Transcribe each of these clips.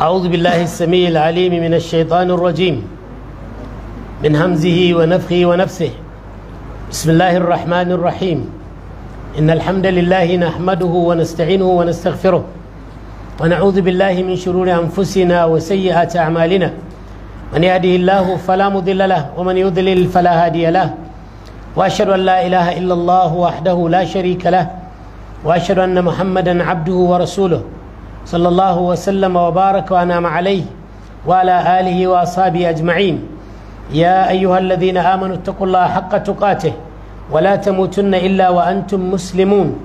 أعوذ بالله السميع العليم من الشيطان الرجيم من همزه ونفخه ونفسه بسم الله الرحمن الرحيم إن الحمد لله نحمده ونستعينه ونستغفره ونعوذ بالله من شرور أنفسنا وسيئات أعمالنا من يهده الله فلا مضل له ومن يضلل فلا هادي له وأشهد أن لا إله إلا الله وحده لا شريك له وأشهد أن محمدا عبده ورسوله صلى الله وسلم وبارك وأنعم عليه وعلى آله وأصحابه أجمعين يا أيها الذين آمنوا اتقوا الله حق تقاته ولا تموتن إلا وأنتم مسلمون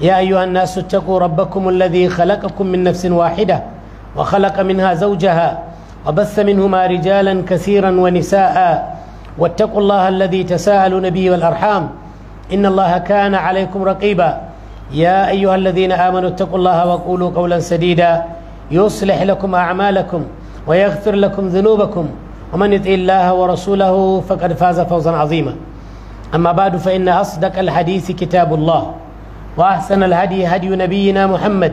يا أيها الناس اتقوا ربكم الذي خلقكم من نفس واحدة وخلق منها زوجها وبث منهما رجالا كثيرا ونساء واتقوا الله الذي تساءلون به والأرحام إن الله كان عليكم رقيباً يا أيها الذين آمنوا اتقوا الله وقولوا قولا سديدا يصلح لكم أعمالكم ويغفر لكم ذنوبكم ومن يطع الله ورسوله فقد فاز فوزا عظيما أما بعد فإن أصدق الحديث كتاب الله وأحسن الهدي هدي نبينا محمد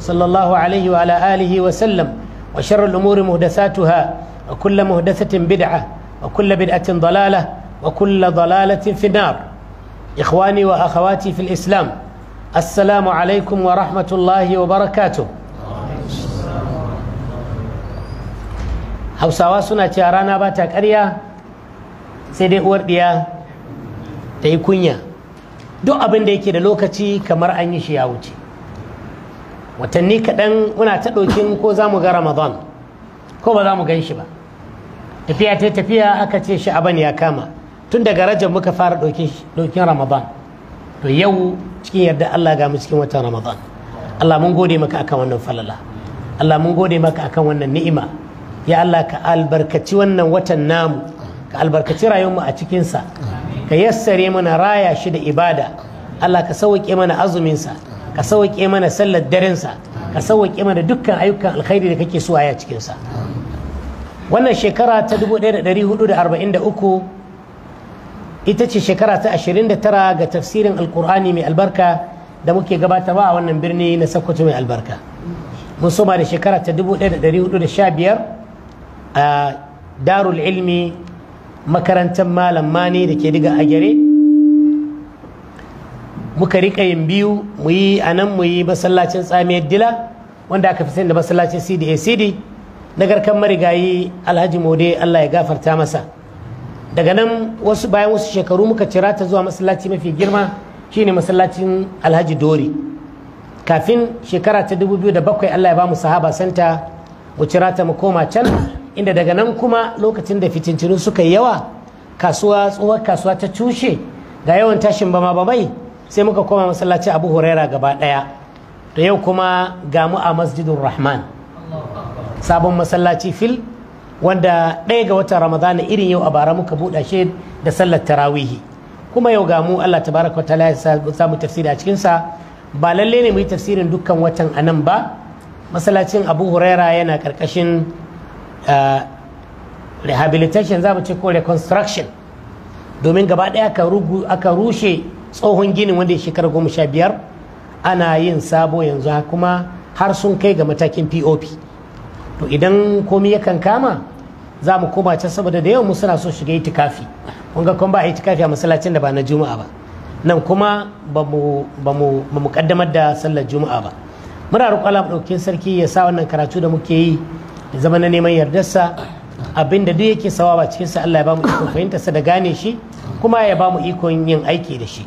صلى الله عليه وعلى آله وسلم وشر الأمور مهدثاتها وكل مهدثة بدعة وكل بدعة ضلالة وكل ضلالة في النار إخواني وأخواتي في الإسلام assalamu alaikum wa rahmatullahi wa barakatu hausawa suna cewa rana ba ta karya sai dai uwar ɗiya ta yi kunya duk abin da yake da lokaci kamar an yi shi ya wuce watanni kaɗan muna ta ɗokin ko za mu ga ramadan ko ba za mu gan shi ba tafiya ta tafiya aka ce shi aban ya kama tun daga rajab muka fara ɗokin ramadan to yau cikin yarda Allah ga mu cikin watan Ramadan Allah mun gode maka akan wannan falala Allah mun gode maka akan wannan ni'ima ya Allah ka albarkaci wannan watan namu ka albarkaci rayuwarmu a cikinsa ka yassare mana raya shi da ibada Allah ka sauke mana azuminsa ka sauke mana sallar darensa ka sauke mana dukkan ayyukan alkhairi da kake so a cikinsa wannan shekara ta 1443 ita ce shekara ta 29 ga tafsirin alkur'ani mai albarka da muke gabatarwa a wannan birni na sokoto mai albarka mun soma da shekara ta 1415 a darul ilmi makarantar malam mani da ke diga a muka rika yin biyu mu yi a nan mu yi masallacin tsamiyar dila wanda aka fi sani da masallacin cda cd na garkan marigayi alhaji mode allah ya gafarta masa daga nan wasu bayan wasu shekaru muka cira ta zuwa masallaci mafi girma shine masallacin alhaji Dori. kafin shekara ta 2007 allah ya ba mu sahaba santa mu cira ta mu koma can inda daga nan kuma lokacin da fitincinu suka yi yawa kasuwa tsohuwar kasuwa ta cushe ga yawan tashin bama sai muka koma masallaci abu huraira gaba daya da yau kuma gamu a masjidun rahman sabon masallaci fil wanda ɗaya ga watan ramadana irin yau a bara muka buɗa shi da sallar tarawihi kuma yau ga mu Allah tabaraka ta'ala ya samu tafsiri a cikinsa ba lalle ne mu yi tafsirin dukkan watan a nan ba masallacin Abu Huraira yana ƙarƙashin rehabilitation za mu ce ko reconstruction domin gaba ɗaya aka rushe tsohon ginin wanda ya shekara goma sha biyar ana yin sabo yanzu kuma har sun kai ga matakin pop to idan komi yakan kama za mu koma can saboda da yawan mu suna so shiga itikafi kun ga kun ba itikafi a masallacin da ba na juma'a ba nan kuma ba mu kaddamar da sallar juma'a ba muna roƙon Allah ɗaukin sarki ya sa wannan karatu da muke yi da zama na neman yardarsa abinda duk yake sawa ba cikin sa Allah ya mu ikon fahimta sa da gane shi kuma ya ba mu ikon yin aiki da shi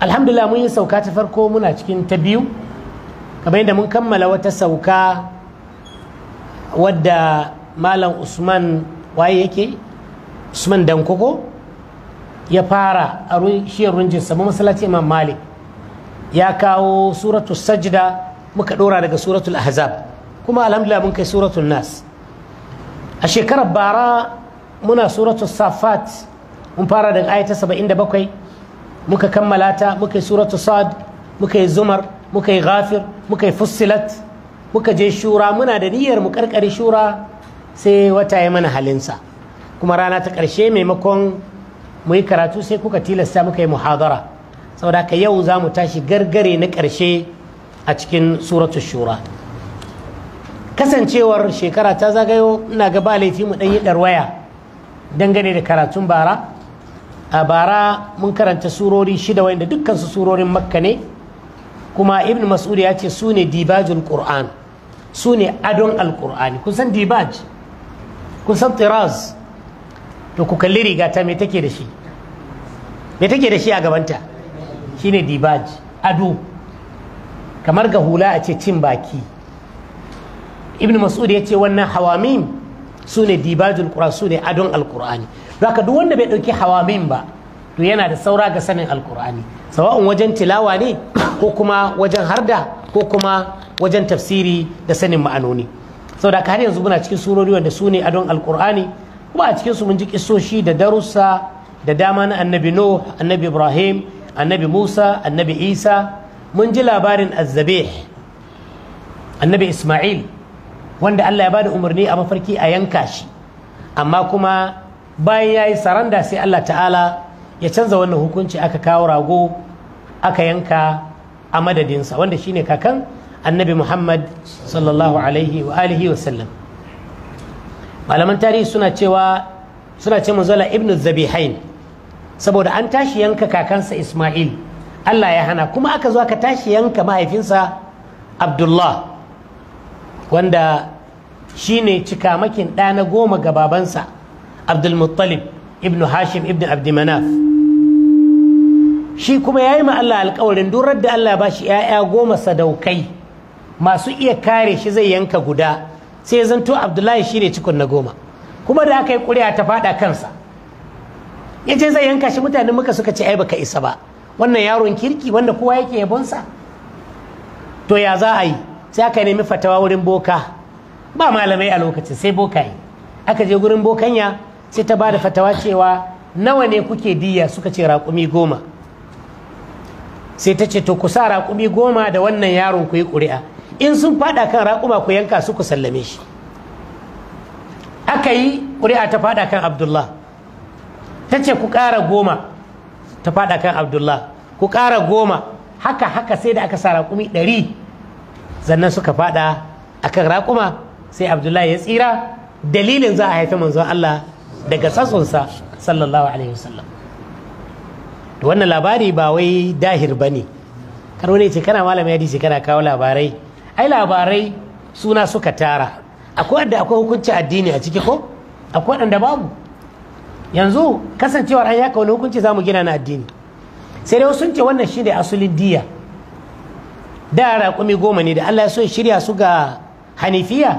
alhamdulillah mun yi sauka ta farko muna cikin ta biyu kamar yadda mun kammala wata sauka wadda malam usman waye yake usman dankoko ya fara a shiyar runjin sabon masallaci imam malik ya kawo suratul sajda muka dora daga suratul ahzab kuma alhamdulillah mun kai suratul nas a shekarar bara muna suratul safat mun fara daga ayata 77 muka kammala ta muka yi suratul sad muka yi zumar muka yi ghafir muka yi fussilat muka je shura muna da niyyar mu karkari shura sai wata ya mana halinsa kuma rana ta ƙarshe maimakon mu yi karatu sai kuka tilasta muka yi muhadara saboda ka yau za mu tashi gargare na ƙarshe a cikin suratul shura kasancewar shekara ta zagayo ina ga ba laifi mu ɗan yi ɗarwaya dangane da karatun bara a bara mun karanta surori shida wanda dukkan su surorin makka ne kuma ibn mas'ud ya ce su ne dibajul qur'an su ne adon alqur'ani kun san dibaj kun san tiraz to ku kalli riga ta me take da shi me take da shi a gabanta shine dibaj ado kamar ga hula a ce cin baki ibn mas'ud ya ce wannan hawamim su ne dibajul qur'an su ne adon alqur'ani zaka duk wanda bai dauki hawamim ba to yana da saura ga sanin alkur'ani sawa'un wajen tilawa ne ko kuma wajen harda ko kuma wajen tafsiri da sanin ma'anoni saboda har yanzu muna cikin surori wanda su ne adon alkur'ani kuma a cikin su mun ji kisoshi da darussa da dama na annabi no annabi ibrahim annabi musa annabi isa mun ji labarin azzabe annabi isma'il wanda allah ya bada umarni a mafarki a yanka shi amma kuma bayan ya yi saranda sai allah ta'ala ya canza wannan hukunci aka kawo rago aka yanka a madadinsa wanda shine kakan annabi muhammad sallallahu alaihi wa alihi wa sallam malaman tarihi suna cewa suna ce manzola ibnu zabihain saboda an tashi yanka kakansa isma'il allah ya hana kuma aka zo aka tashi yanka mahaifinsa abdullah wanda shine cikamakin ɗa na goma ga babansa abdulmuttalib ibnu hashim ibnu abdimanaf shi kuma ya yi ma Allah alkawarin durar da Allah ba shi ‘ya'ya goma sadaukai masu iya kare shi zai yanka guda sai zanto abdullahi shi ne cikon na goma kuma da aka yi ƙuri'a ta faɗa kansa ya ce zai yanka shi mutane muka suka ce ai baka isa ba wannan yaron kirki wanda kowa yake yabonsa to ya za a yi sai aka nemi fatawa wurin boka ba malamai a lokacin sai boka yi aka je gurin bokanya sai ta ba da fatawa cewa nawa ne kuke diya suka ce raƙumi goma sai ta ce to ku sa raƙumi goma da wannan yaron ku yi ƙuri'a in sun faɗa kan raƙuma ku yanka su ku sallame shi aka yi ƙuri'a ta faɗa kan abdullah ta ce ku ƙara goma ta faɗa kan abdullah ku ƙara goma haka haka sai da aka sa raƙumi ɗari zannan suka faɗa akan raƙuma sai abdullahi ya tsira dalilin za a haifi manzon allah daga sassunsa sallallahu alaihi wasallam Da wannan labari ba wai dahir ba ne kar wani ce kana malam ya kana kawo labarai ai labarai suna suka tara akwai wanda akwai hukuncin addini a ciki ko akwai wanda babu yanzu kasancewar an yaka wani hukunci za mu gina na addini sai dai sun ce wannan shi ne asulin diya da raƙumi goma ne da Allah ya so shirya su ga hanifiya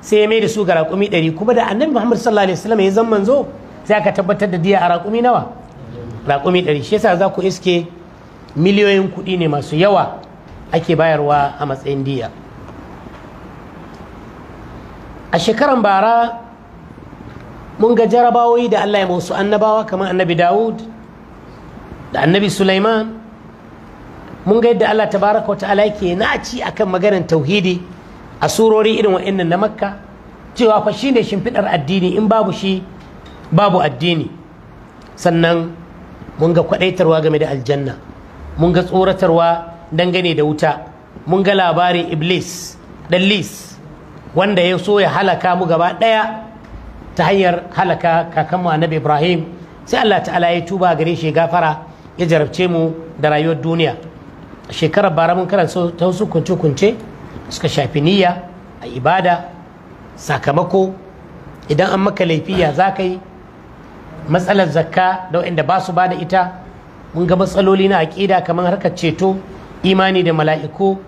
sai ya mai da su ga raƙumi ɗari kuma da annabi Muhammad sallallahu alaihi wasallam ya zama manzo sai aka tabbatar da diya a raƙumi nawa raƙumi ɗari shi yasa za ku iske miliyoyin kuɗi ne masu yawa ake bayarwa a matsayin diya a shekaran bara mun ga jarabawoyi da allah ya musu annabawa kamar annabi dawud da annabi sulaiman mun ga yadda allah tabaraka wata ta'ala yake naci akan maganar tauhidi a surori irin wa'annan na makka cewa fa ne shimfiɗar addini in babu shi babu addini sannan mun ga kwadaitarwa game da aljanna mun ga tsoratarwa dangane da wuta mun ga labarin iblis lis wanda ya so ya halaka mu gaba daya ta hanyar halaka kakanmu annabi ibrahim sai allah ta'ala ya tuba gare shi gafara ya jarabce mu da rayuwar duniya shekarar bara mun karanta ta wasu kunce-kunce suka shafi niyya a ibada sakamako idan an maka laifiya za ka yi matsalar zakka da waɗanda ba su ba da ita mun ga matsaloli na aƙida kamar harkar ceto imani da mala'iku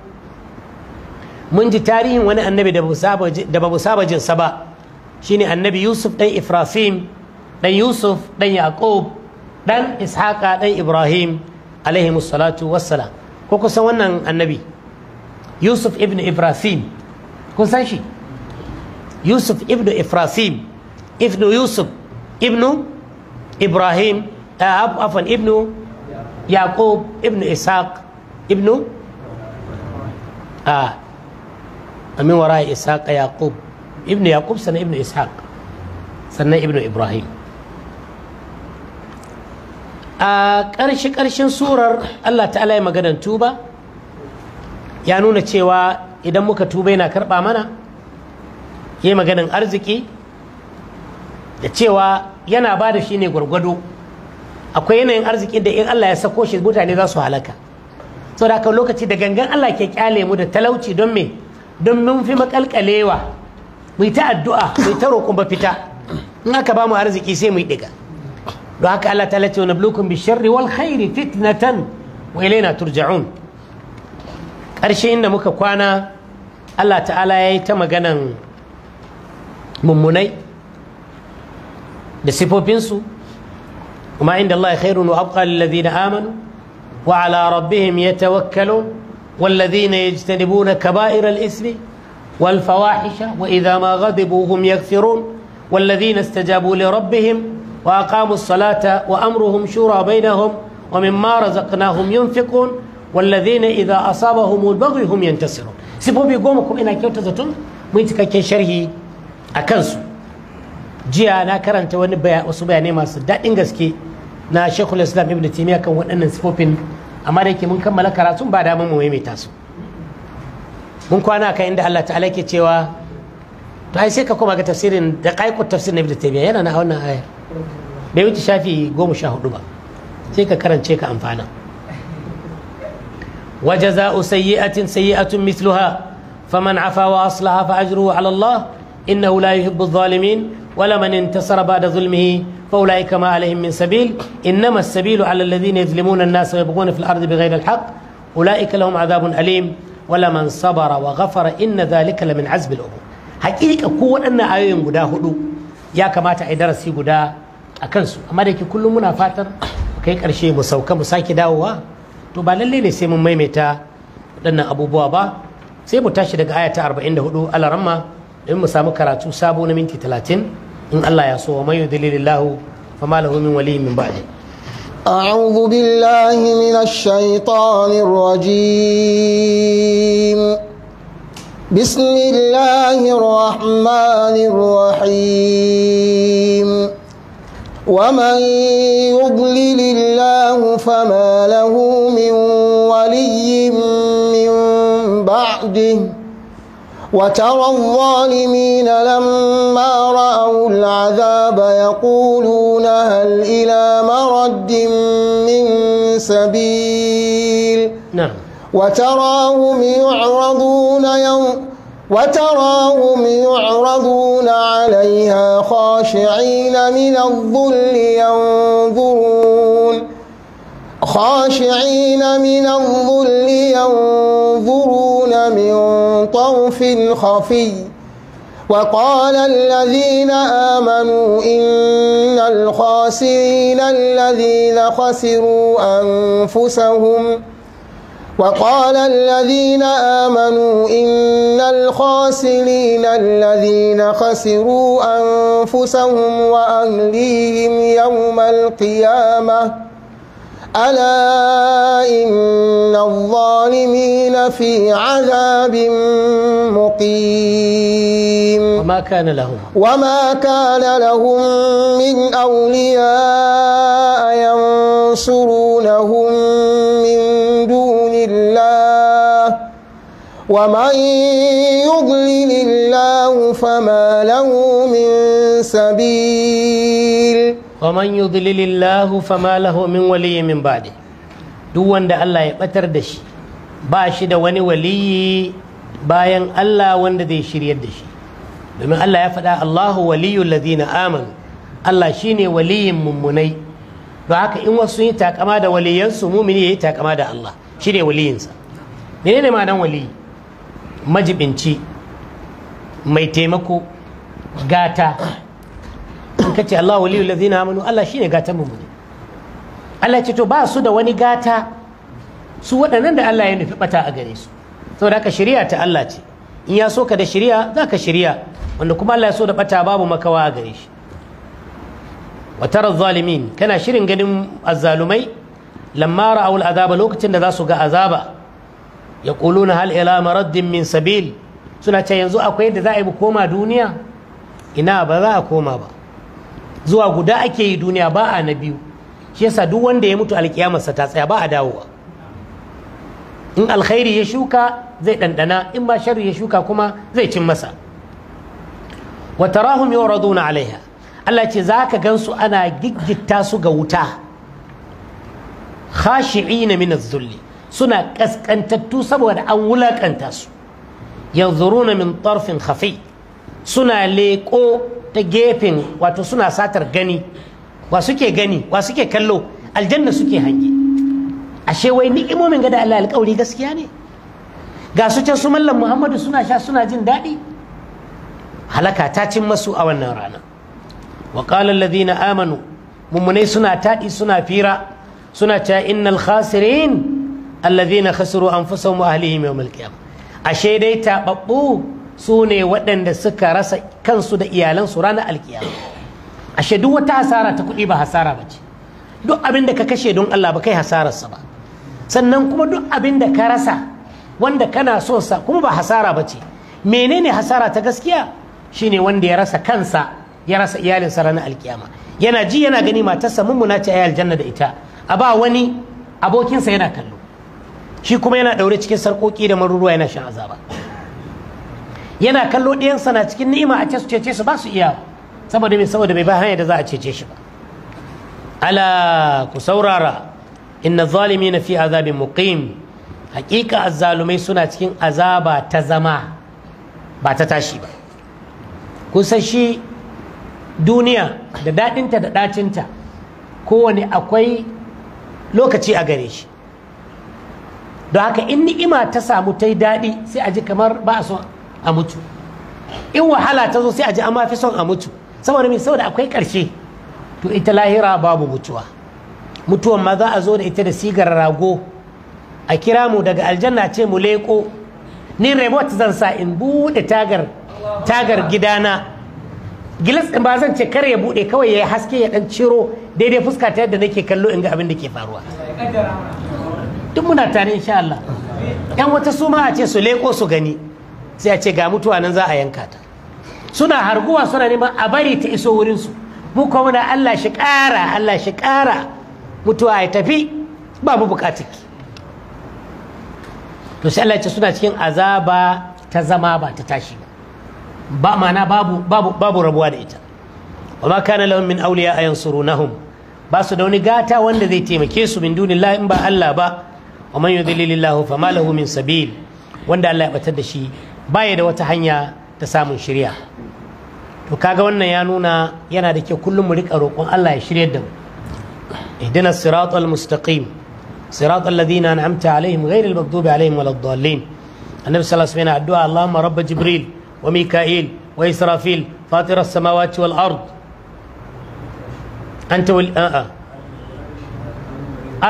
mun ji tarihin wani annabi da ba saba jinsa ba shine annabi yusuf ɗan ifrafim ɗan yusuf ɗan yaqub ɗan ishaqa ɗan ibrahim alaihi salatu wassalam ko kusan wannan annabi yusuf ibn ibrahim kun san shi yusuf ibn ibrahim ibn yusuf ibn ibrahim eh, afan ibnu yaqub ibnu اسحاق ibnu a amin وراء اسحاق yaqub ibnu yaqub sannan ibnu اسحاق sannan ibnu ibrahim a ƙarshe ƙarshen surar allah ta'ala ya magana tuba ya nuna cewa idan muka tuba yana karɓa mana ya yi maganan arziki da cewa yana ba da shi ne gwargwado akwai yanayin arzikin da in Allah ya sako shi mutane za su halaka da haka lokaci da gangan Allah ke kyale mu da talauci don me don mun fi makalkalewa mu ta addu'a mu ta roƙon ba fita in aka ba mu arziki sai mu yi diga don haka Allah ta lace wa nablukum bi sharri wal khairi fitnatan wa ilaina turja'un Karshe inda muka kwana Allah ta'ala ya yi ta maganan mummunai da sifofinsu kuma inda Allah khairun wa abqa lil amanu wa ala rabbihim yatawakkalun wal ladina yajtanibuna kaba'ira al ismi wal fawahisha wa idha ma ghadibu hum yaghfirun wal istajabu li rabbihim wa aqamu as-salata wa amruhum shura bainahum wa mimma razaqnahum yunfiqun wal ladina idha asabahum al baghy hum yantasirun sifofi goma kuma ina kyautata tun mun cikakken sharhi a kansu jiya na karanta wani wasu bayanai masu daɗin gaske na shekul islam ibn taimiyya kan waɗannan sifofin amma da yake mun kammala karatun ba damar mu maimaita su mun kwana kan inda Allah ta'ala ke cewa to ai sai ka koma ga tafsirin da kaiku tafsirin na ibn taimiyya yana na wannan ayar bai wuce shafi goma sha hudu ba sai ka karance ka amfana وجزاء سيئة سيئة مثلها wa aslaha fa فأجره على الله إنه لا يحب الظالمين ولمن انتصر بعد ظلمه فأولئك ما عليهم من سبيل إنما السبيل على الذين يظلمون الناس ويبغون في الأرض بغير الحق أولئك لهم عذاب أليم ولمن صبر وغفر إن ذلك لمن عزب الأمور حقيقة قوة أن آيوين قدا هدو يا كما تعدرسي قدا أكنسو أما ديكي كل منا فاتر kai ƙarshe mu sauka mu sake dawowa to ba lalle ne sai mun maimaita waɗannan abubuwa ba sai mu tashi daga aya ta 44 alaramma إما سامو كراتو سابو نمتي تلاتين إن الله يسوع ما يدلل الله فما له من ولي من بعد أعوذ بالله من الشيطان الرجيم بسم الله الرحمن الرحيم ومن يضلل الله فما له من ولي من بعده وترى الظالمين لما رأوا العذاب يقولون هل إلى مرد من سبيل نعم وتراهم يعرضون يوم وتراهم يعرضون عليها خاشعين من الظل ينظرون خاشعين من الظل ينظرون من طرف خفي وقال الذين آمنوا إن الخاسرين الذين خسروا أنفسهم وقال الذين آمنوا إن الخاسرين الذين خسروا أنفسهم وأهليهم يوم القيامة ألا إن الظالمين في عذاب مقيم وما كان لهم وما كان لهم من أولياء ينصرونهم من دون الله ومن يضلل الله فما له من سبيل ومن يضلل الله fama lahu min ولي من بعده duk wanda Allah ya batar da shi ba shi da wani waliyi bayan Allah wanda zai shiryar da shi domin Allah ya faɗa Allahu waliyul ladina amanu Allah shine waliyin mummunai don haka in wasu yi takama da waliyansu mumini yayi takama da Allah shine waliyinsa menene ma'anan waliyi majibinci mai taimako gata in kace Allahu waliyul ladina amanu Allah shine gatan mu ne Allah ce to ba su da wani gata su waɗannan da Allah ya nufi bata a gare su saboda haka shari'a ta Allah ce in ya so ka da shari'a za ka shari'a wanda kuma Allah ya so da bata babu makawa a gare shi wa tara zalimin kana shirin ganin azzalumai lamma ra'aw al'azaba lokacin da za su ga azaba yaquluna hal ila maraddin min sabil suna ce yanzu akwai yadda za a yi koma duniya ina ba za a koma ba zuwa guda ake yi duniya ba a na biyu shi yasa duk wanda ya mutu alkiyamarsa ta tsaya ba a dawowa in alkhairi ya shuka zai ɗanɗana in ba sharri ya shuka kuma zai cin masa wa tarahum yuraduna alaiha Allah ce za ka gansu ana giggita su ga wuta khashi'ina min zulli suna kaskantattu saboda an wulakanta su yanzuruna min tarfin khafi suna leƙo ta gefen wato suna satar gani wa suke gani wa suke kallo aljanna suke hange ashe wai ni'imomin gada Allah alƙawari gaskiya ne ga su can su mallam Muhammadu suna sha suna jin daɗi halaka ta cin masu a wannan rana wa qala alladhina amanu mummunai suna taɗi suna fira suna ta innal khasirin alladhina khasiru anfusahum wa ahlihim yawm al ashe dai taɓaɓɓu su ne waɗanda suka rasa kansu da iyalansu ranar alkiyama ashe duk wata hasara ta kuɗi ba hasara ba ce duk abin da ka kashe don Allah ba kai hasararsa ba sannan kuma duk abin da ka rasa wanda kana son sa kuma ba hasara ba ce menene hasara ta gaskiya shine wanda ya rasa kansa ya rasa iyalinsa ranar alkiyama yana ji yana gani matarsa mummuna ce ayi aljanna da ita a ba wani abokinsa yana kallo shi kuma yana ɗaure cikin sarƙoƙi da maruruwa yana shan azaba yana kallo ɗiyansa na cikin ni'ima a ce su cece su ba su iya saboda mai saboda mai ba hanyar da za a cece shi ba ala ku saurara inna na fi azabin muqim hakika azzalumai suna cikin azaba ta zama ba ta tashi ba kusan shi duniya da daɗinta da ɗacinta kowane akwai lokaci a gare shi don haka in ni'ima ta samu ta yi daɗi sai a ji kamar ba a so a mutu in wahala ta zo sai a ji an ma fi son a mutu saboda me saboda akwai ƙarshe to ita lahira babu mutuwa mutuwan ma za a zo da ita da sigar rago a kira mu daga aljanna ce mu leko ni remote zan sa in bude tagar tagar gidana gilas ɗin ba zan ce kar ya bude kawai ya yi haske ya dan ciro daidai fuska ta yadda nake kallo in ga abin da ke faruwa duk muna tare insha Allah yan wata suma a ce su leko su gani sai a ce ga mutuwa nan za a yanka ta suna harguwa suna neman a bari ta iso wurinsu mu kuma muna Allah shi ƙara Allah shi ƙara mutuwa ya tafi ba mu buƙatarki to sai Allah ce suna cikin azaba ta zama ba ta tashi ba ba ma'ana babu rabuwa da ita wa ma kana lahum min awliya ayansurunahum ba su da wani gata wanda zai taimake su min dunillahi in ba Allah ba wa man yudlilillahu fama lahu min sabil wanda Allah ya batar da shi baya da wata hanya ta samun shirya to kaga wannan ya nuna yana da kyau kullum mu rika roƙon Allah ya shirya da mu ihdinas siratal mustaqim siratal ladina an'amta alaihim ghairil maghdubi alaihim waladdallin annabi sallallahu alaihi wasallam addu'a Allahumma rabb jibril wa mika'il wa israfil fatir as-samawati wal ard anta wal a'a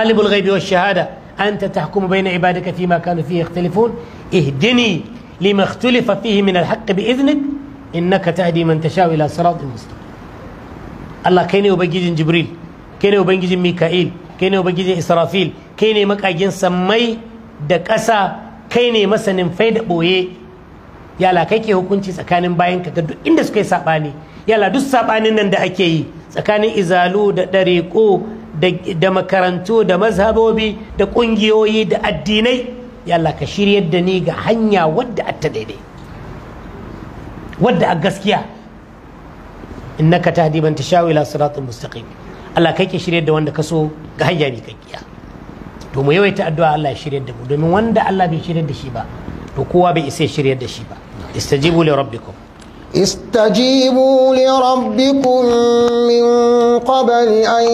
alimul ghaibi wash shahada anta tahkumu bayna ibadika fima kanu fihi ikhtilifun ihdini lima ikhtalafa fihi min alhaq bi idnik innaka tahdi man tasha ila siratin mustaqim Allah kai ne ubangijin Jibril kai ne ubangijin Mika'il kai ne ubangijin Israfil kai ne makagin sammai da ƙasa kai ne masanin fai da ɓoye yala kai ke hukunci tsakanin bayan ka duk inda suke yi saɓani yala duk saɓanin nan da ake yi tsakanin izalu da ɗariƙo da makarantu da mazhabobi da ƙungiyoyi da addinai Yalla ka shiryar da ni ga hanya wadda ta daidai wadda a gaskiya innaka tahdi ta tashawi ila siratin mustaqim Allah kai ke shiryar da wanda ka so ga hanya mai kakkiya to mu yawaita addu'a Allah ya shiryar da mu domin wanda Allah bai shiryar da shi ba to kowa bai isa ya shiryar da shi ba istajibu li rabbikum استجيبوا لربكم من قبل أن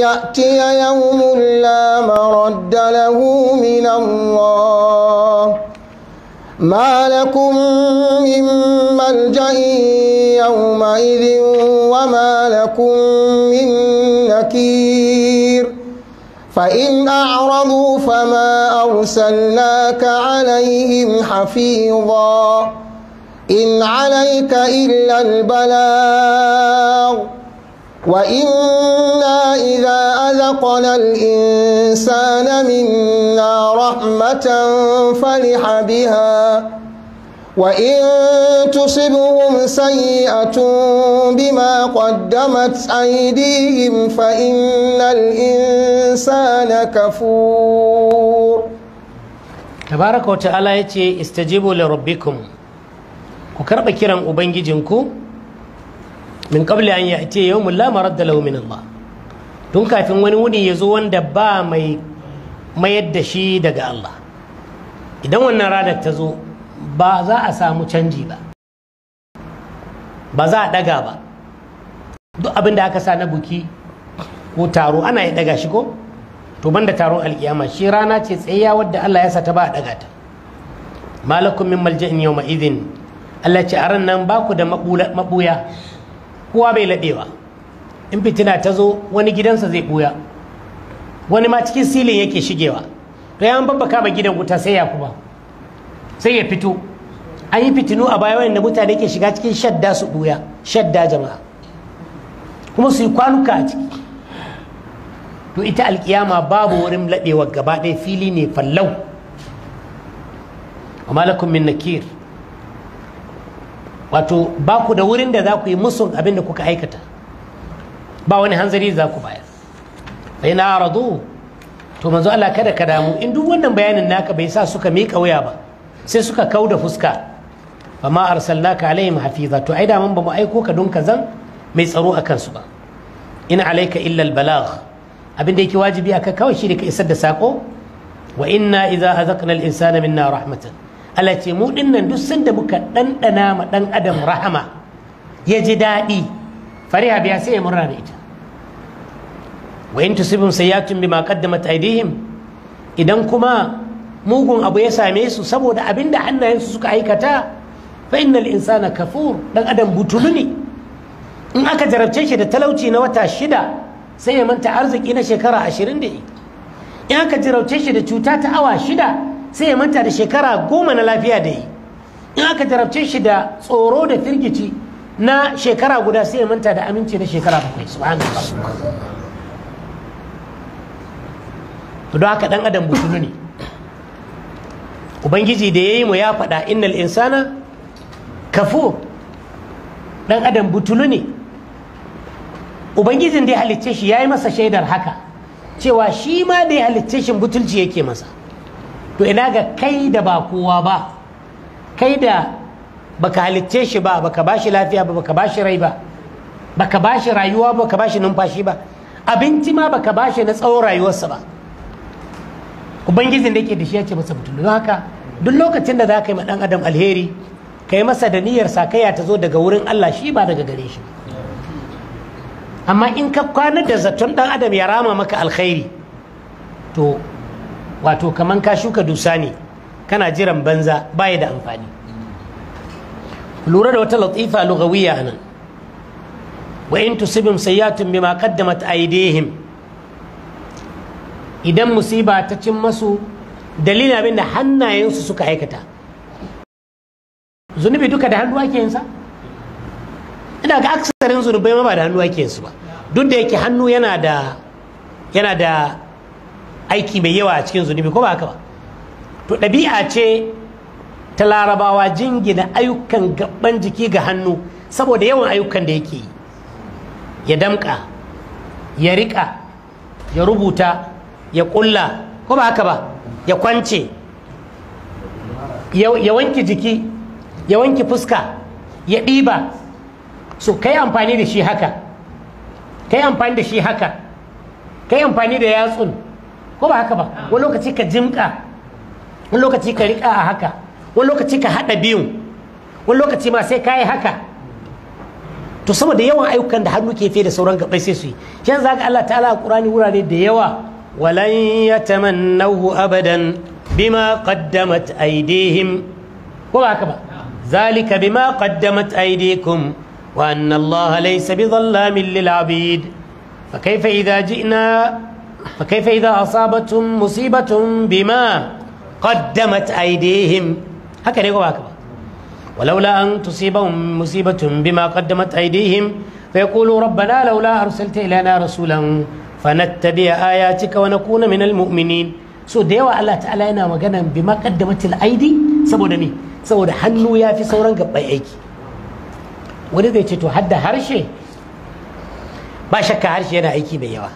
يأتي يوم لا مرد له من الله ما لكم من ملجأ يومئذ وما لكم من نكير فإن أعرضوا فما أرسلناك عليهم حفيظاً إن عليك إلا البلاغ وإنا إذا أذقنا الإنسان منا رحمة فرح بها وإن تصبهم سيئة بما قدمت أيديهم فإن الإنسان كفور تبارك وتعالى يتي استجيبوا لربكم ku karɓa kiran ubangijinku min qabli an ya'ti yawmun la maradda lahu min Allah tun kafin wani wuni ya zo wanda ba mai mayar da shi daga Allah idan wannan ranar ta zo ba za a samu canji ba ba za a daga ba duk abin da aka sa na buki ko taro ana ya daga shi ko to banda taron alkiyama shi rana ce tsayawar wadda Allah ya sa ta ba a daga ta malakum min malja'in yawma idhin Allah ce a ran nan ba ku da mabuya kowa bai laɓewa in fitina ta zo wani gidansa zai buya wani ma cikin silin yake shigewa to ya babbaka ba gidan wuta sai ya kuma sai ya fito an yi fitinu a baya wanda mutane ke shiga cikin shadda su buya shadda jama'a kuma su yi kwanuka a ciki to ita alkiyama babu wurin laɓewa gaba ɗaya fili ne fallau amma lakum min nakir wato ba ku da wurin da za ku yi musun abin da kuka aikata ba wani hanzari za ku bayar bai na to manzo Allah kada ka damu in duk wannan bayanin naka bai sa suka miƙa wuya ba sai suka kau da fuska fa ma arsalnaka alaihim hafiza to ai daman ba mu aiko ka dun kazan mai tsaro a kansu ba in alaika illa albalagh abin da yake wajibi aka kawai shi ne ka isar da sako wa inna idza azaqna al-insana minna rahmatan Allah ce mu dinnan duk sanda muka ɗanɗana ma ɗan adam rahama ya ji daɗi fariha biya sai ya murna da ita wa in tusibum sayyatun bima qaddamat aydihim idan kuma mugun abu ya same su saboda abinda hannayensu suka aikata fa innal insana kafur dan adam butulu ne in aka jarabce shi da talauci na wata shida sai ya manta arziki na shekara ashirin da in aka jarabce shi da cuta ta awa shida sai ya manta da shekara goma na lafiya da yi in aka jarabce shi da tsoro da firgici na shekara guda sai ya manta da aminci na shekara bakwai subhanallah su. don haka dan adam butulu ne ubangiji da ya yi mu ya faɗa innal insana kafo dan adam butulu ne ubangijin da ya halicce shi ya yi masa shaidar haka cewa shi ma da ya halicce shi butulci yake masa to ina ga kai da ba kowa ba kai da baka halicce shi ba baka bashi lafiya ba baka bashi rai ba baka bashi rayuwa ba baka bashi numfashi ba abinci ma baka bashi na tsawon rayuwarsa ba ubangijin da yake da shi ya ce masa mutum don haka duk lokacin da za ka yi ma dan adam alheri ka yi masa da niyyar sa sakayya ta zo daga wurin Allah shi ba daga gare shi amma in ka kwana da zaton dan adam ya rama maka alkhairi to wato kamar ka shuka dusa ne kana jiran banza baya da amfani lura da wata latifa lugawiya nan wa in tusibum sayyatun bima qaddamat aydihim idan musiba ta cin masu dalilin abin da hannayensu suka aikata zunubi duka da hannu ake yinsa ina ga aksarin zunubai ma ba da hannu ake yinsu ba duk da yake hannu yana da yana da aiki mai yawa a cikin zunubi ko ba haka ba to ɗabi'a ce ta larabawa jingina ayyukan gaban jiki ga hannu saboda yawan ayyukan da yake yi ya damƙa ya riƙa ya rubuta ya ƙulla ko ba haka ba ya kwance ya wanke jiki ya wanke fuska ya ɗiba so kai amfani da shi haka kai amfani da shi haka kai amfani da yatsun ko ba haka ba wani lokaci ka jimka wani lokaci ka riƙa a haka wani lokaci ka haɗa biyun wani lokaci ma sai ka yi haka to saboda yawan ayyukan da hannu ke fiye da sauran gabai sai su yi shan za ga Allah ta'ala a Qur'ani wurare da yawa walan ya yatamannahu abadan bima qaddamat aydihim ko ba haka ba zalika bima qaddamat aydikum wa anna Allah laysa bi dhallamin lil abid fa kayfa idza ji'na فكيف إذا أصابتهم مصيبة بما قدمت أيديهم هكذا يقول هكذا ولولا أن تصيبهم مصيبة بما قدمت أيديهم فيقولوا ربنا لولا أرسلت إلينا رسولا فنتبع آياتك ونكون من المؤمنين so da yawa Allah ta'ala yana magana bi maqaddamatil aidi saboda ne saboda hannu ya fi sauran gabbai aiki wani zai ce to hadda harshe ba shakka harshe yana aiki mai yawa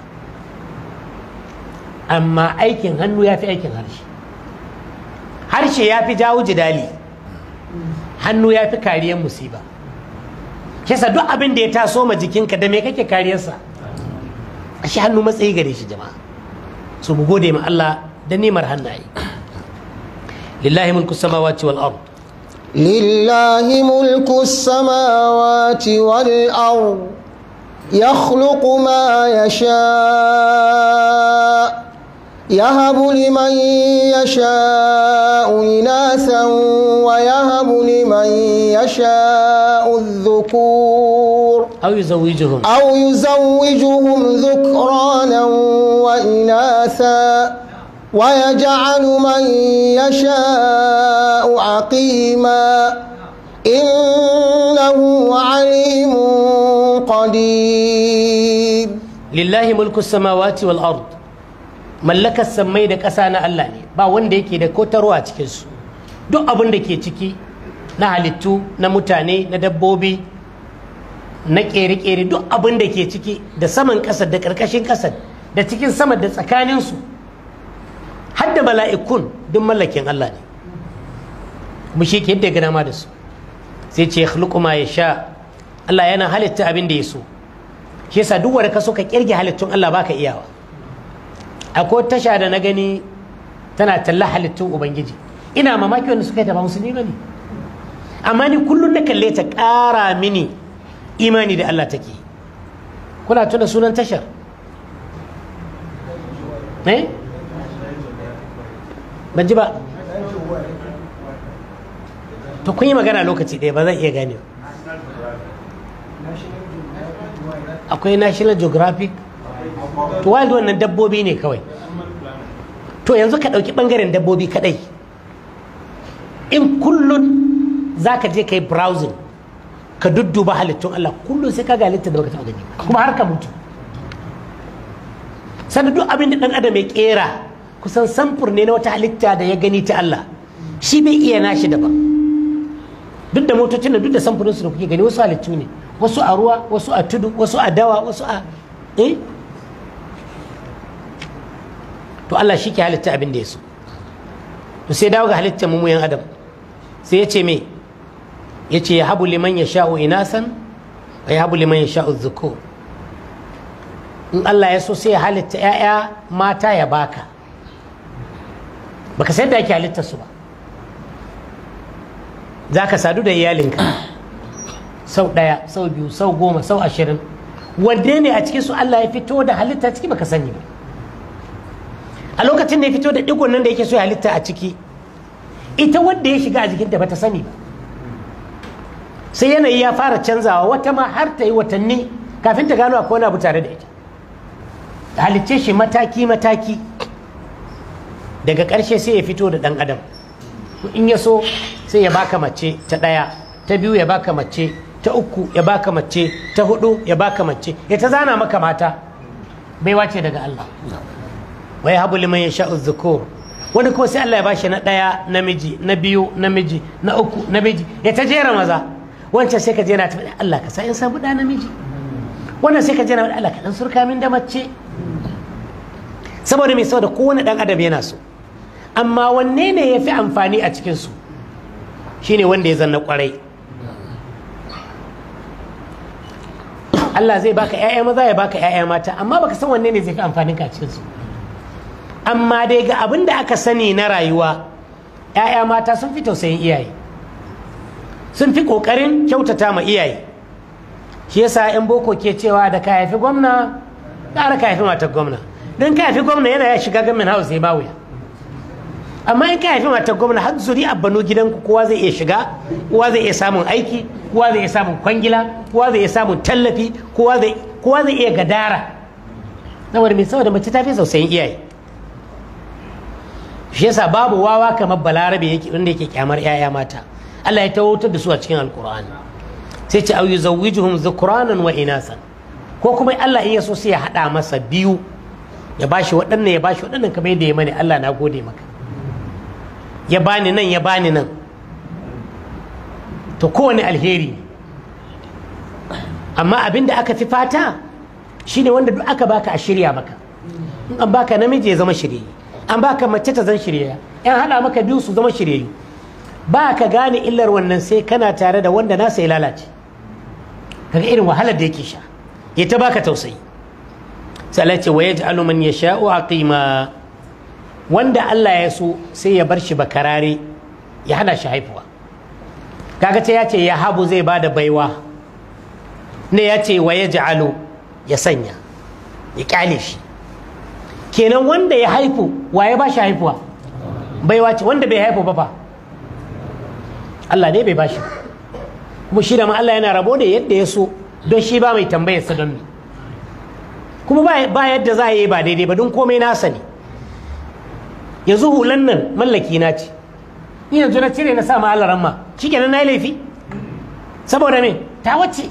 amma aikin hannu ya fi aikin harshe harshe ya fi jawo jidali hannu ya fi kariyar musiba kisa duk abin da ya taso ma jikinka da me kake kariyarsa a shi hannu matsayi gare shi jama'a su mu gode ma Allah da nimar hannaye lillahi mulku samawati wal ard lillahi mulku samawati wal ard يخلق ما يشاء يهب لمن يشاء إناثا ويهب لمن يشاء الذكور أو يزوجهم أو يزوجهم ذكرانا وإناثا ويجعل من يشاء عقيما إنه عليم قدير لله ملك السماوات والأرض mallakar sammai da ƙasa na Allah ne ba wanda yake da kotarwa a cikinsu duk abin da ke ciki na halittu na mutane na dabbobi na ƙere-ƙere duk abin da ke ciki da saman ƙasar da ƙarƙashin ƙasar da cikin sama da tsakaninsu har da mala'ikun duk mallakin Allah ne mu shi ke yadda gana ma da su sai ce khluqu ya sha Allah yana halitta abin da ya so shi yasa duk wanda ka so ka kirge halittun Allah baka iyawa akwai tasha da na gani tana talla halittun ubangiji ina mamaki wanda suka yi tafa musulmi ba ne amma ni kullum na kalle ta ƙara mini imani da Allah take kuna tuna sunan tashar eh ban ji ba to kun yi magana lokaci ɗaya ba zan iya gane akwai national geographic wild wannan dabbobi ne kawai to yanzu ka ɗauki ɓangaren dabbobi kaɗai in kullun za ka je ka yi browsing ka dudduba halittun Allah kullun sai ka ga halittar da baka taɓa gani kuma har ka mutu sannan duk abin da ɗan adam ya ƙera kusan samfur ne na wata halitta da ya gani ta Allah shi bai iya nashi daban duk da motocin da duk da samfurinsu da kuke gani wasu halittu ne wasu a ruwa wasu a tudu wasu a dawa wasu a eh to Allah shi ke halitta abin da ya so to sai dawo ga halittar mu adam sai ya ce me ya ce ya habu liman ya sha'u inasan wa ya habu liman ya sha'u zuko in Allah ya so sai ya halitta 'ya'ya mata ya baka baka san da ake halitta su ba za ka sadu da iyalinka sau ɗaya sau biyu sau goma sau ashirin wadda ne a cikin su Allah ya fito da halitta ciki baka sani ba a lokacin da ya fito da digon nan da yake so ya halitta a ciki ita wadda ya shiga a jikin jikinta bata sani ba sai yanayi ya fara canzawa wata ma har ta yi watanni kafin ta gano akwai wani abu tare da ita halicce shi mataki mataki daga ƙarshe sai ya fito da ɗan adam in ya so sai ya baka mace ta ɗaya ta biyu ya baka mace ta uku ya baka mace ta hudu ya baka mace ya ta zana maka mata baiwa ce daga Allah wa yahabu liman yasha'u dhukur wani kuma sai Allah ya bashi na ɗaya namiji na biyu namiji na uku namiji ya ta jera maza wancan sai ka jera ta Allah ka sa in samu da namiji wannan sai ka jera Allah ka dan surka min da mace saboda mai saboda kowane ɗan adam yana so amma wanne ne ya fi amfani a cikin su shine wanda ya zanna kwarai Allah zai baka ƴaƴa maza ya baka ƴaƴa mata amma baka san wanne ne zai fi amfanin ka cikin su. amma dai ga abin da aka sani na rayuwa 'ya'ya mata sun fi tausayin iyaye sun fi ƙoƙarin kyautata ma iyaye shi yasa 'yan boko ke cewa da ka haifi gwamna ƙara ka haifi matar gwamna don ka haifi gwamna yana ya shiga gamin house ya bawuya amma in ka haifi matar gwamna har zuri a bano gidanku kowa zai iya shiga kowa zai iya samun aiki kowa zai iya samun kwangila kowa zai iya samun tallafi kowa zai iya gadara saboda mai saboda mace ta fi tausayin iyaye shi yasa babu wawa kamar balarabe yake inda yake kyamar yaya mata Allah ya tawatar da su a cikin alqur'ani sai ce au yuzawwijuhum dhukranan wa inasa ko kuma Allah in ya so sai ya hada masa biyu ya bashi waɗannan ya bashi waɗannan kamar yadda ya mani Allah na gode maka ya bani nan ya bani nan to kowane alheri amma abin da aka fi fata shine wanda duk aka baka a shirya maka in an baka namiji ya zama shirye an ba ka mace ta zan shirya yan hada maka biyu su zama shiryayyu ba ka gane illar wannan sai kana tare da wanda nasa ya lalace kaga irin wahalar da yake sha ya ta baka tausayi sai Allah ce wa yaj'alu man yasha'u aqima wanda Allah ya so sai ya bar shi bakarare ya hana shi haifuwa kaga ta ya ce ya habu zai bada baiwa ne ya ce wa yaj'alu ya sanya ya kyale shi kenan wanda ya haifu waye ba shi haifuwa baiwa ce wanda bai haifu ba ba Allah ne bai ba shi kuma shi da ma Allah yana rabo da yadda ya so don shi ba mai tambayar sa don kuma ba yadda za a yi ba daidai ba don komai nasa ne yanzu hulan nan mallaki na ce ni yanzu na cire na sa ma Allah ramma kenan na yi laifi saboda me ta wacce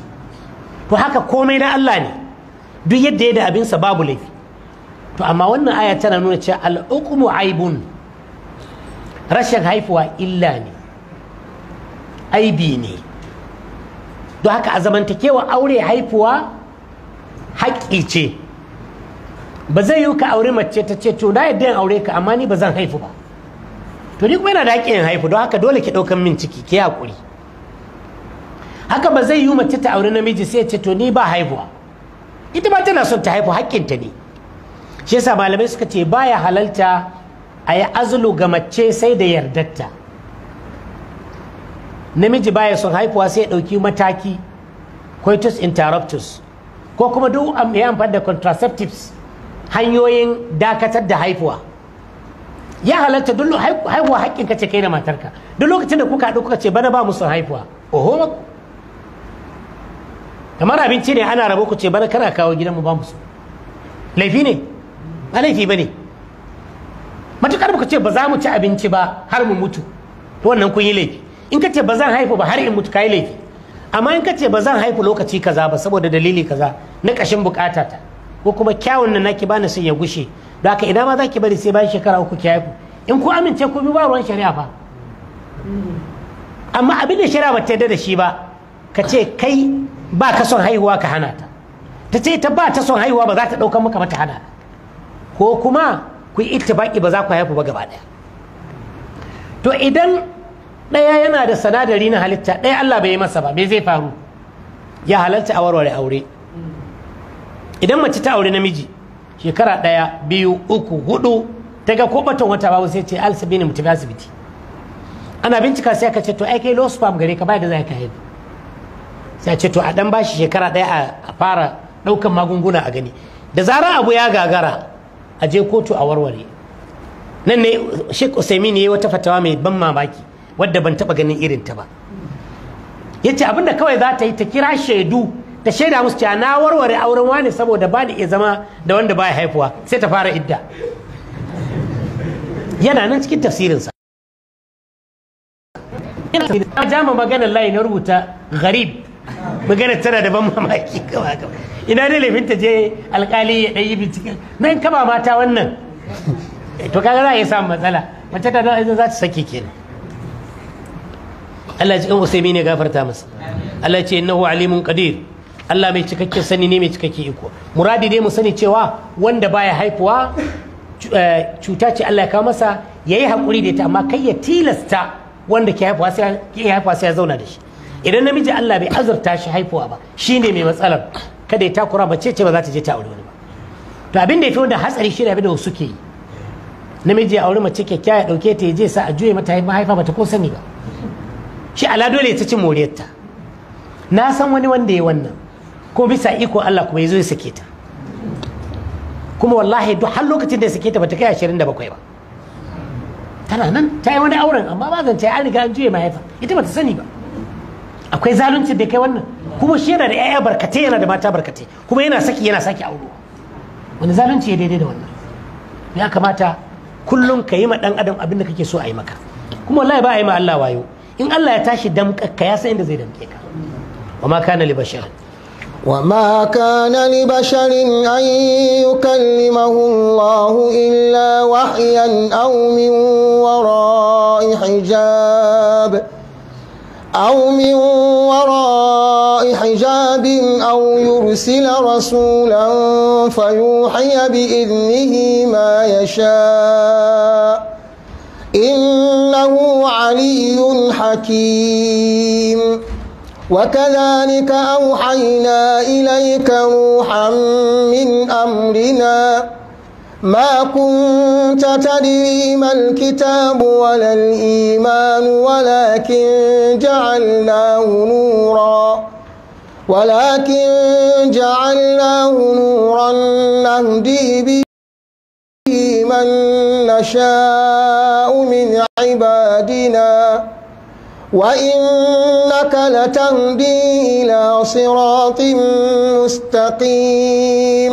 to haka komai na Allah ne duk yadda ya da abinsa babu laifi to amma wannan aya tana nuna cewa al'ukumu aibun rashin haifuwa illa ne aibi ne don haka a zamantakewa aure haifuwa haƙƙi ce ba zai yi ka aure mace ta ce to na yadda yin aure ka amma ni ba zan haifu ba to ni kuma yana da haƙƙin haifu don haka dole ki ɗaukan min ciki ke haƙuri haka ba zai yi mace ta aure namiji sai ce to ni ba haifuwa ita ma tana son ta haifu haƙƙinta ne shi yasa malamai suka ce baya halalta a yi azulu ga mace sai da yardatta namiji baya son haifuwa sai ya ɗauki mataki coitus interruptus ko kuma duk ya amfani da contraceptives hanyoyin dakatar da haifuwa ya halatta duk haihuwa haƙƙin ka ce kai da matarka duk lokacin da kuka haɗu kuka ce bana ba mu son haihuwa oho kamar abinci ne ana rabo ku ce bana kana kawo mu ba mu so laifi ne ba laifi ba ne matuƙar ka ce ba za mu ci abinci ba har mu mutu wannan kun yi laifi in ka ce ba zan haifu ba har in mutu ka yi laifi amma in ka ce ba zan haifu lokaci kaza ba saboda dalili kaza na ƙashin bukata ta ko kuma kyawun nan naki bani sun ya gushe da haka idan ma za ki bari sai bayan shekara uku ki haifu in ku amince ku bi ba ruwan shari'a fa amma abin da shari'a ba ta yarda da shi ba ka ce kai ba ka son haihuwa ka hana ta ta ce ta ba ta son haihuwa ba za ta ɗauka maka mata hana ko kuma ku yi ittifaki ba za ku haifu ba gaba ɗaya to idan ɗaya yana da sanadari na halitta ɗaya Allah bai yi masa ba me zai faru ya halarta a warware aure idan mace ta aure namiji shekara ɗaya biyu uku hudu ta ga ko batun wata babu sai ce alisabi ne mutum asibiti ana bincika sai aka ce to ai kai low spam gare ka bai da za ka haifu sai ce to a dan bashi shekara ɗaya a fara ɗaukan magunguna a gani da zarar abu ya gagara a je kotu a warware nan ne Sheikh Usaimin yi wata fatawa mai ban mamaki wadda ban taba ganin irin ta ba yace abinda kawai za ta yi ta kira shaidu ta shaida musu cewa na warware auren wani saboda ba iya zama da wanda baya haifuwa sai ta fara idda yana nan cikin tafsirinsa ina jama maganar layi na rubuta gharib magana tana da ban mamaki gaba gaba ina ne laifin ta je alkali ya ɗan binciken bincike nan kama mata wannan to kaga za a iya samun matsala mace ta nan za ta sake kenan Allah cikin usaimi ne gafarta masa Allah ce innahu alimun qadir Allah mai cikakken sani ne mai cikakken iko muradi dai mu sani cewa wanda baya haifuwa eh, cuta ce Allah ya kawo masa yayi hakuri da ita amma kai ya tilasta wanda ke haifuwa sai ya zauna da shi idan namiji Allah bai azurta shi haifuwa ba shine mai matsalar kada ya takura mace ce ba za ta je ta aure wani ba to abin da ya fi wanda hatsari shi ne abin da wasu ke yi namiji ya aure mace kyakkyawa ya dauke ta ya je sa a juye mata mahaifa bata ko sani ba shi ala dole ya ci moriyarta na san wani wanda ya wannan ko bisa iko Allah kuma ya zo ya sake ta kuma wallahi duk har lokacin da ya sake ta bata kai ashirin da bakwai ba tana nan ta yi wani auren amma ba zan ta yi an riga an juye mahaifa ita bata sani ba akwai zalunci da kai wannan kuma shi yana da 'ya'ya barkate yana da mata barkate kuma yana saki yana saki auro wani zalunci ya daidai da wannan ya kamata kullum ka yi ma dan adam abin da kake so a yi maka kuma wallahi ba a yi ma Allah wayo in Allah ya tashi damka ka ya san inda zai damƙe ka wa ma kana li bashar kana li basharin أن yukallimahu Allah illa wahyan aw min wara'i hijab أو من وراء حجاب أو يرسل رسولا فيوحي بإذنه ما يشاء إنه علي حكيم وكذلك أوحينا إليك روحا من أمرنا ما كنت تدري ما الكتاب ولا الإيمان ولكن جعلناه نورا ولكن جعلناه نورا نهدي به من نشاء من عبادنا وإنك لتهدي إلى صراط مستقيم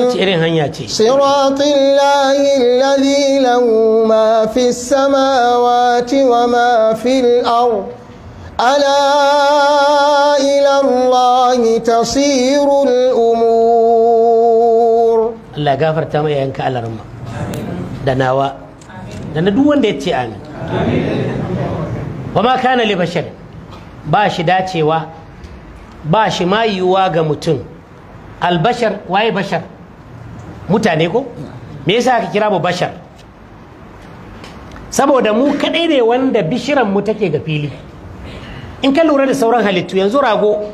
صراط الله الذي له ما في السماوات وما في الأرض ألا إلى الله تصير الأمور الله غافر تاما ينك على رمى دناوا دنا دو wanda yace amin amin wa ma kana li bashar ba shi dacewa ba shi ma yiwuwa ga mutum albashar waye bashar mutane ko me yasa ka kira mu bashar saboda mu kadai ne wanda bishiran mu take ga fili in ka lura da sauran halittu yanzu rago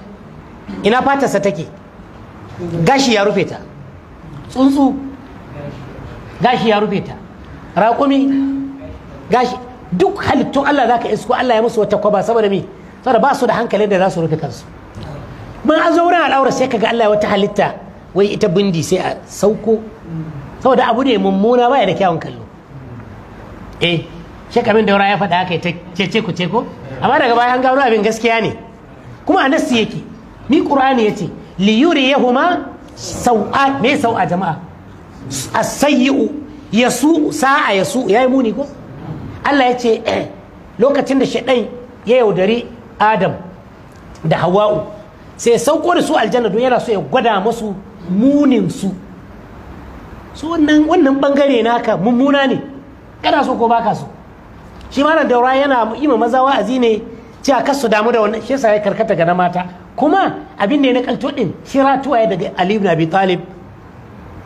ina fatarsa take gashi ya rufe ta tsuntsu gashi ya rufe ta raƙumi gashi duk halittun Allah za ka isko Allah ya musu wata kwaba saboda mi saboda ba su da hankalin da za su rufe kansu mun a zo wurin al'aura sai kaga Allah ya wata halitta wai ita bindi sai a sauko saboda abu ne mummuna baya da kyawun kallo eh shi kamin da ya faɗa haka ta cece ku ce ko amma daga baya an gano abin gaskiya ne kuma a nassi yake ni qur'ani yace li yuriyahuma sau'a me sau'a jama'a as-sayyi'u yasu sa'a yasu yayi muni ko Allah ya ce lokacin da shaɗan ya yaudari Adam da Hawa'u sai ya sauko da su aljanna don yana so ya gwada musu munin su su wannan wannan bangare naka mummuna ne kana so ko baka so shi ma daura yana ima maza wa'azi ne cewa a kasu damu da wannan shi ya karkata ga na mata kuma abin da ya nakalto din shi daga Ali ibn Abi Talib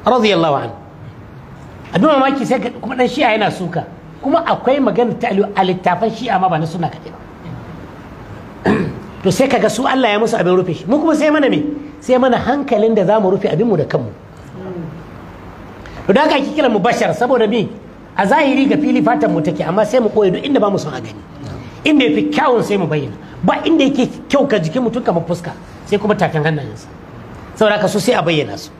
radiyallahu anhu abin mamaki sai kuma dan shi'a yana suka kuma akwai maganar ta a littafan shi'a ma ba na suna kaɗai ba to sai kaga su Allah ya musu abin rufe shi mu kuma sai mana me sai mana hankalin da za mu rufe abinmu da kanmu to da ake kira mu bashar saboda me a zahiri ga fili fatan mu take amma sai mu koyi duk inda ba mu son a gani inda yafi kyawun sai mu bayyana ba inda yake kyau ka jikin mutum kamar fuska sai kuma takan hannayensa saboda ka so sai a bayyana su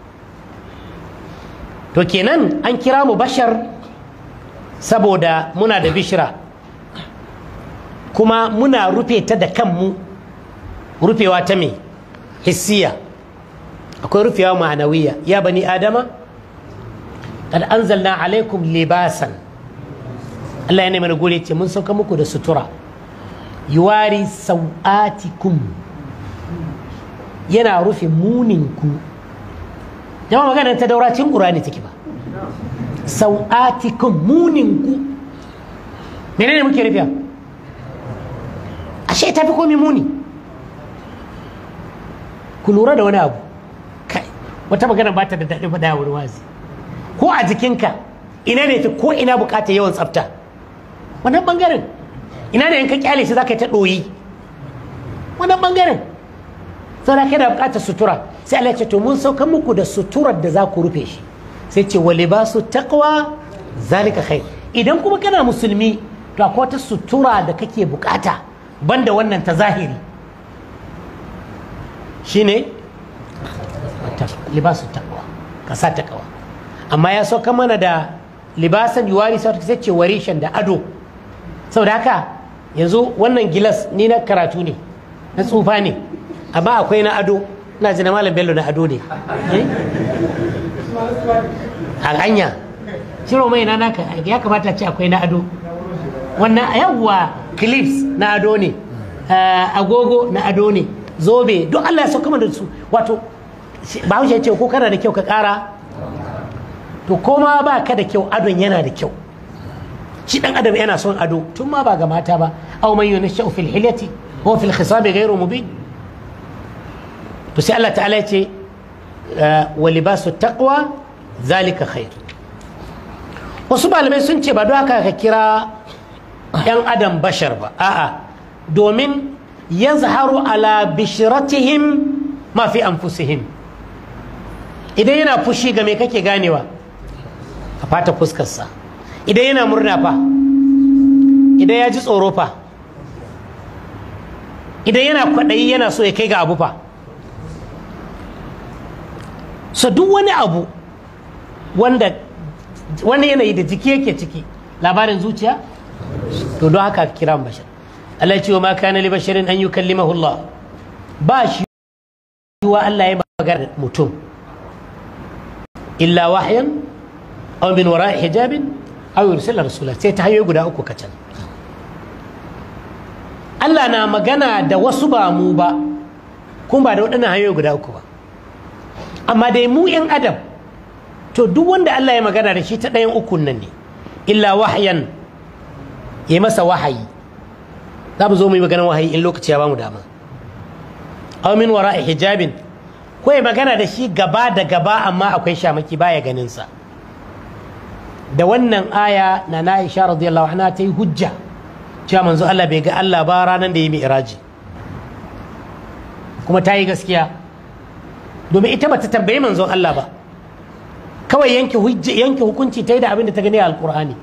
to kenan an kira mu bashar saboda muna da bishira kuma muna rufe ta da kanmu rufewa ta mai hissiya akwai rufewa ma'anawiya ya bani adama an anzalna alaikum libasan Allah ya nemi na gure ce mun sauka muku da sutura yuwari sau'atikum yana rufe muninku jama'a magana ta daura cin ƙura ne take ba sau'atikum muninku menene muke rufiya ashe ta fi komi muni ku lura da wani abu kai wata magana ba ta da daɗin faɗa wani wurwazi ko a jikinka ina ne ko ina bukata yawan tsafta wannan bangaren ina ne in ka kyale shi zaka ta ɗoyi wannan bangaren saboda kai da bukata sutura sai Allah ya ce to mun saukan muku da suturar da za ku rufe shi sai ce wa libasu taqwa zalika khair idan kuma kana musulmi to akwai ta sutura da kake bukata banda wannan ta zahiri shine libasu taqwa ka sa taqwa amma ya so mana da libasan yuwari sai ce warishan da ado saboda haka yanzu wannan gilas ni na karatu ne na tsufa ne amma akwai na ado ina na malam bello na ado ne eh? a hanya ciro mai na naka ya kamata ce akwai na ado wannan yawwa clips na ado ne eh, agogo na ado ne zobe don Allah ya sauka mana su wato ba haushe ce ko kana da kyau ka kara to koma ba ka da kyau adon yana da kyau shi dan adam yana son ado tun ma ba ga mata ba aw man yunashu fil hilyati wa fil khisab ghayru mubin to sai Allah ta'ala ya ce wa libasu taqwa zalika khair wasu malamai sun ce ba don haka ka kira yan adam bashar ba a'a domin yazharu ala bishiratihim ma fi anfusihim idan yana fushi ga me kake ganewa a fata fuskarsa idan yana murna fa idan ya ji tsoro fa idan yana kwaɗayi yana so ya kai ga abu fa so duk wani abu wanda wani yanayi da jiki yake ciki labarin zuciya to don haka kiran bashar Allah ya ce wa ma kana li basharin an yukallimahu Allah ba shi wa Allah ya magana mutum illa wahyan aw min wara'i hijabin aw yursila rasula sai ta hayoyi guda uku kacal Allah na magana da wasu ba mu ba kuma ba da waɗannan hanyoyi guda uku ba amma dai mu yan adam to duk wanda Allah ya magana da shi ta ɗayan ukun nan ne illa wahayan ya masa wahayi za mu zo mu yi maganar wahayi in lokaci ya bamu dama aw min a hijabin ko ya magana da shi gaba da gaba amma akwai shamaki baya ganin sa da wannan aya na na isha radiyallahu anha ta yi hujja cewa manzo Allah bai ga Allah ba ranan da ya yi mi'raji kuma ta yi gaskiya domin ita bata tambayi manzon Allah ba kawai yanke yanke hukunci ta yi da abin da ta gani a alkur'ani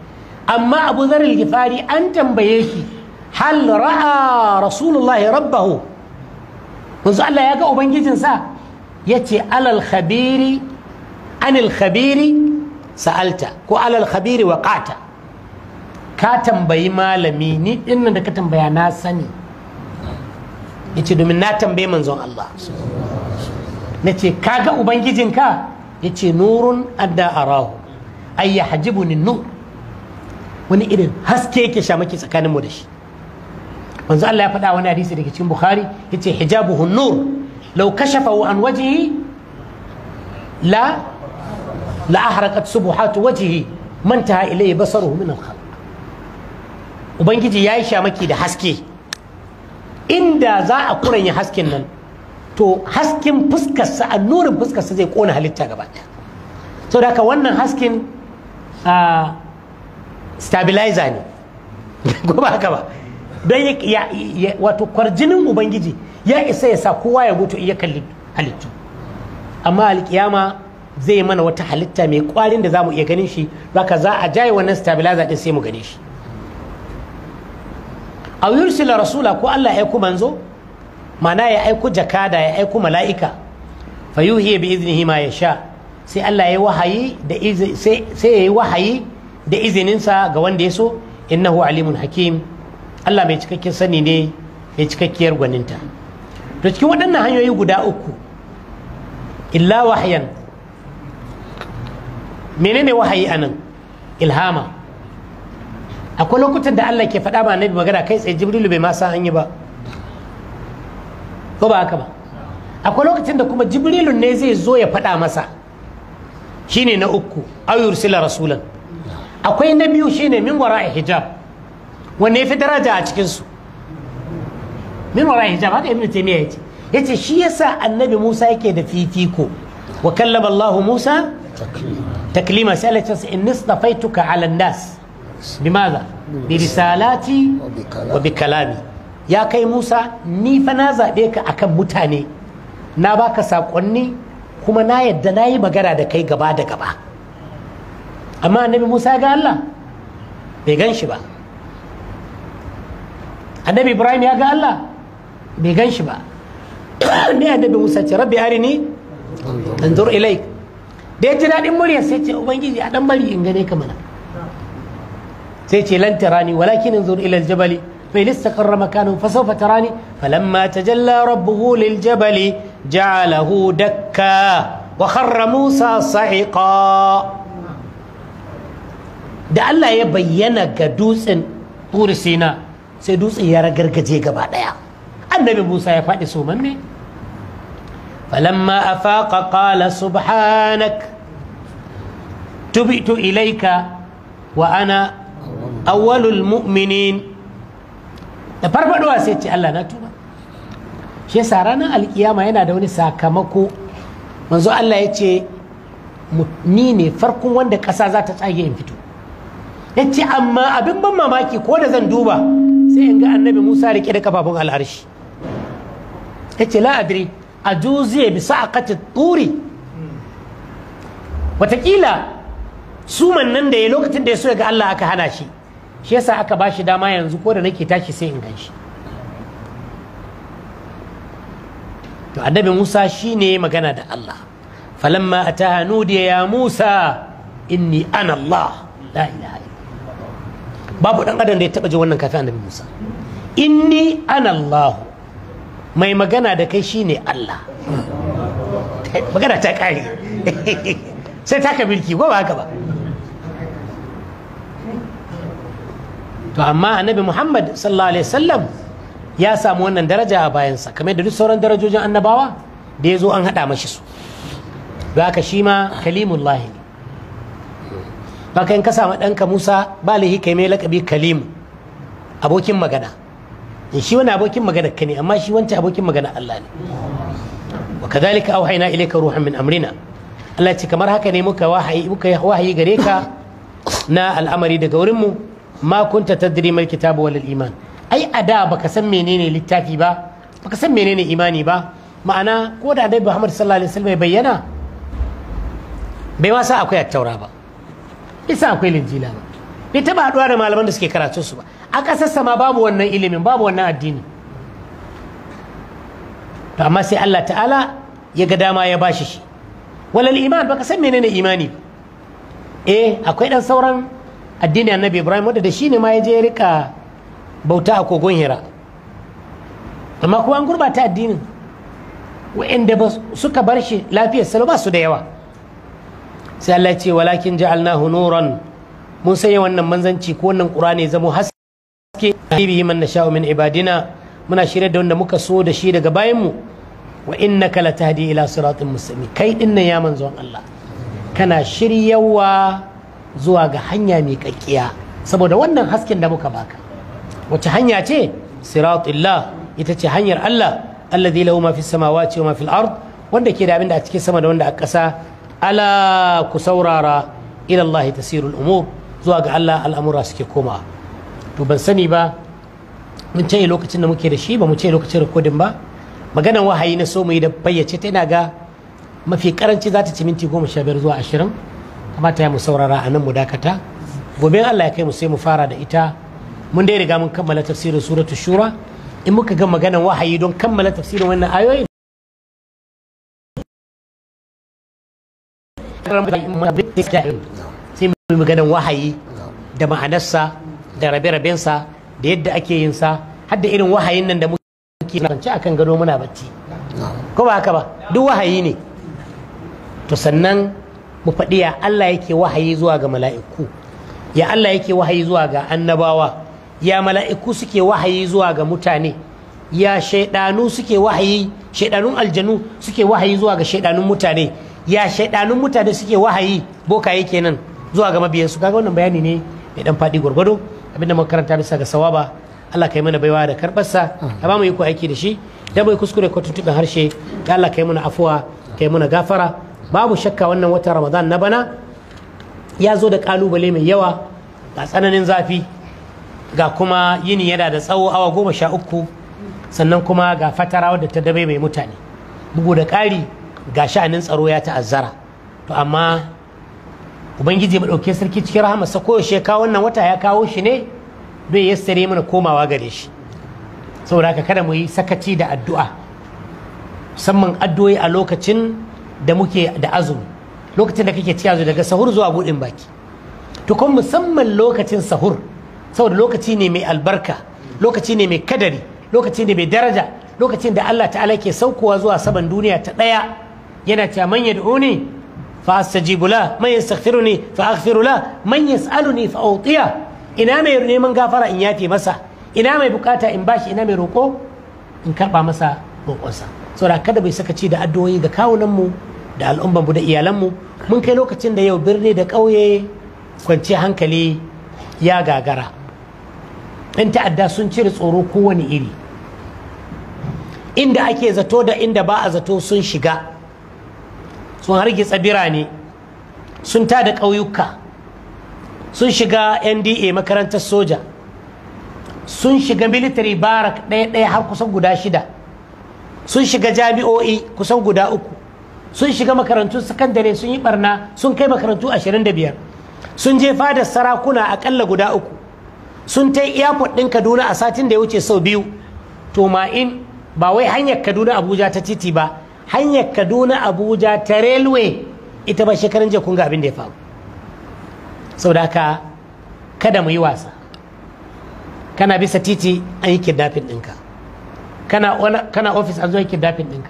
amma abu zaril gifari an tambaye shi hal ra'a rasulullahi rabbahu manzo Allah ya ga ubangijinsa ya ce alal khabiri anil khabiri sa'alta ko alal khabiri wa qata ka tambayi malami ni dinnan da ka tambaya na sani yace domin na tambaye manzon Allah na ce kaga ubangijinka ya ce nurun adda a ay yahjibu ni nur wani irin haske yake sha maki tsakanin mu da shi manzo Allah ya faɗa wani hadisi daga cikin Bukhari yace hijabuhu nur law kashafahu an wajihi la la ahraqat subuhatu wajihi. man taha ilayhi basaruhu min al ubangiji ya yi shamaki da haske inda za a kuranya hasken nan to hasken fuskarsa a nurin fuskarsa zai kona halitta gaba ɗaya so da wannan hasken stabilizer ne ko ba haka ba don wato kwarjinin ubangiji ya isa ya sa kowa ya mutu iya kalli halittu amma alkiyama zai mana wata halitta mai kwarin da za mu iya ganin shi aka za a jaye wannan stabilizer din sai mu gani shi a yursila rasula ko Allah ya ku manzo mana ya aiku jakada ya aiku mala'ika fayuhiya bi iznihi ma yasha sai Allah ya wahayi da sai yayi wahayi da izininsa ga wanda ya so innahu alimun hakim Allah mai cikakken sani ne mai cikakkiyar gwaninta to cikin waɗannan hanyoyi guda uku illa wahyan menene wahayi anan ilhama akwai lokutan da Allah ke faɗa ma annabi magana kai tsaye jibrilu bai ma san an ba ko ba haka ba akwai lokacin da kuma jibrilun ne zai zo ya faɗa masa shine na uku ayyur sila rasulan akwai na biyu shine min wara hijab wanne fi daraja a cikinsu min wara hijab haka ibn taymiya yace yace shi yasa annabi musa yake da fifiko wa kallama allah musa taklima sai Allah ya ce in nisnafaituka ala nas bimaza bi risalati wa bi kalami ya kai musa ni fa na zaɓe ka akan mutane na baka saƙonni kuma na yadda na yi magana da kai gaba da gaba amma annabi musa ga allah bai gan shi ba annabi ibrahim ya ga allah bai gan shi ba ne annabi musa ce rabbi arini anzur ilai da ya ji daɗin murya sai ce ubangiji a ɗan bari in gane ka mana sai ce lantarani walakin anzur ilal jabali فإن استقر مكانه فسوف تراني فلما تجلى ربه للجبل جعله دكا وخر موسى صعقا da Allah ya bayyana ga dutsen turi sina sai dutsen ya ragargaje gaba daya annabi Musa ya faɗi somanne falamma afaqa qala subhanak tubtu ilaika wa ana awwalul mu'minin da farfaduwa sai ce Allah na tuba shi yasa ranar alkiyama yana da wani sakamako manzo Allah ya ce ni ne farkon wanda ƙasa za ta tsage in fito ya ce amma abin ban mamaki ko da zan duba sai in ga annabi musa rike da kafafun al'arshi ya ce la'adiri a juziye bisa a kacce turi watakila suman nan da ya lokacin da ya so ga Allah aka hana shi shi yasa aka ba shi dama yanzu ko da nake tashi sai in ganshi to annabi Musa shine magana da Allah falamma ataha ya Musa inni ana Allah la ilaha babu dan adam da ya taba ji wannan kafin annabi Musa inni ana Allah mai magana da kai shine Allah magana ta kare sai ta ka birki ko ba haka ba to amma annabi muhammad sallallahu alaihi wasallam ya samu wannan daraja a bayansa kamar da duk sauran darajojin annabawa da ya zo an haɗa mashi su don haka shi ma kalimullahi ne baka in ka samu ɗanka musa ba lahi kai mai lakabi kalimu abokin magana in shi wani abokin magana ka ne amma shi wancan abokin magana allah ne wa kadhalika auhayna ilayka ruhan min amrina allah ce kamar haka ne muka wahayi muka wahayi gare ka na al'amari daga wurin mu ma kunta tadri mal kitabu wal iman ai a da baka san menene littafi ba baka san menene imani ba ma'ana ko da annabi Muhammad sallallahu alaihi wasallam bayyana bai ma sa akwai attaura ba isa akwai linjila ba bai taba haduwa da malaman da suke karatu su ba a kasar sama babu wannan ilimin babu wannan addini to amma sai Allah ta'ala ya ga dama ya bashi shi walal iman baka san menene imani eh akwai dan sauran addinin annabi ibrahim wanda da shi ne ma ya je ya rika bauta a kogon hira amma kuma an gurbata addinin wa'anda ba suka bar shi lafiyar salo ba su da yawa sai Allah ce walakin ja'alnahu nuran mun sanya wannan manzanci ko wannan qur'ani zamo haske bihi man nasha'u min ibadina muna shirye da wanda muka so da shi daga bayan mu wa innaka latahdi ila siratin mustaqim kai dinnan ya manzon Allah kana shiryawa zuwa ga hanya mai kakkiya saboda wannan hasken da muka baka wace hanya ce siratullah ita ce hanyar Allah allazi lahu ma mafi samawati wa ma fil ard wanda ke da abin da a cikin sama da wanda a ƙasa ala ku saurara ila Allah tasirul umur zuwa ga Allah al'amura suke koma to ban sani ba mun ce lokacin da muke da shi ba mu ce lokacin rikodin ba maganan wahayi na so mu yi da fayyace ta ina ga mafi karanci za ta ci minti goma sha biyar zuwa ashirin kamata ya mu saurara a nan mu dakata gobe Allah ya kai mu sai mu fara da ita mun dai riga mun kammala tafsirin suratu shura in muka ga maganan wahayi don kammala tafsirin wannan ayoyin sai mu yi maganan wahayi da ma'anarsa da rabe sa, da yadda ake yin sa har da irin wahayin nan da muke kwanci akan gado muna bacci ko ba haka ba duk wahayi ne to sannan mu faɗi ya Allah yake wahayi zuwa ga mala'iku ya Allah yake wahayi zuwa ga annabawa ya mala'iku suke wahayi zuwa ga mutane ya shaidanu suke wahayi shaidanun aljanu suke wahayi zuwa ga shaidanun mutane ya shaidanun mutane suke wahayi yake nan zuwa ga mabiyansu kaga wannan bayani ne mai dan faɗi gwargwado abinda makaranta bisa ga sawaba Allah kai mana baiwa da karbarsa ya ba mu yi ko aiki da shi da bai kuskure ko tuntuɓin harshe ya Allah kai mana afuwa kai mana gafara babu shakka wannan watan ramadan na bana ya zo da kalubale mai yawa ga tsananin zafi ga kuma yini yana da tsawo awa goma sha uku sannan kuma ga fatara wadda ta dabe mai mutane bugu da ƙari ga sha'anin tsaro ya ta'azzara to amma ubangiji ɗauke sarki cikin ko koyaushe kawo wannan wata ya kawo shi ne bai ya sare mana komawa gare shi saboda haka kada mu yi sakaci da addu'a musamman addu'o'i a lokacin da muke da azumi lokacin da kake ciyazo daga sahur zuwa buɗin baki to kuma musamman lokacin sahur saboda lokaci ne mai albarka lokaci ne mai kadari lokaci ne mai daraja lokacin da Allah ta'ala ke saukowa zuwa saban duniya ta ɗaya yana cewa man yad'uni fa astajibu la man yastaghfiruni fa aghfiru la man yas'aluni fa utiya ina mai neman gafara in yafe masa ina mai bukata in bashi ina mai roko in karba masa roƙonsa saboda kada bai saka ci da addu'o'i ga kawunanmu da mu da iyalan mu mun kai lokacin da yau birni da ƙauye kwanci hankali ya gagara in ta'adda sun cire tsoro kowane iri inda ake zato da inda ba a zato sun shiga sun hargitsa birane sun da ƙauyuka sun shiga nda makarantar soja sun shiga military barak ɗaya-ɗaya har kusan guda shida sun shiga jami'o'i kusan guda uku sun shiga makarantun sakandare sun yi barna sun kai makarantu 25 sun je fadar sarakuna akalla guda uku sun ta airport ɗin kaduna a satin da ya wuce sau biyu to ma in ba wai hanyar kaduna abuja ta titi ba hanyar kaduna abuja ta railway ita ba shekarun jiya ga abin da ya faru sau da haka kada mu yi wasa kana bisa titi an yi kidnapping ɗinka kana ofis an zo yake dafin ɗinka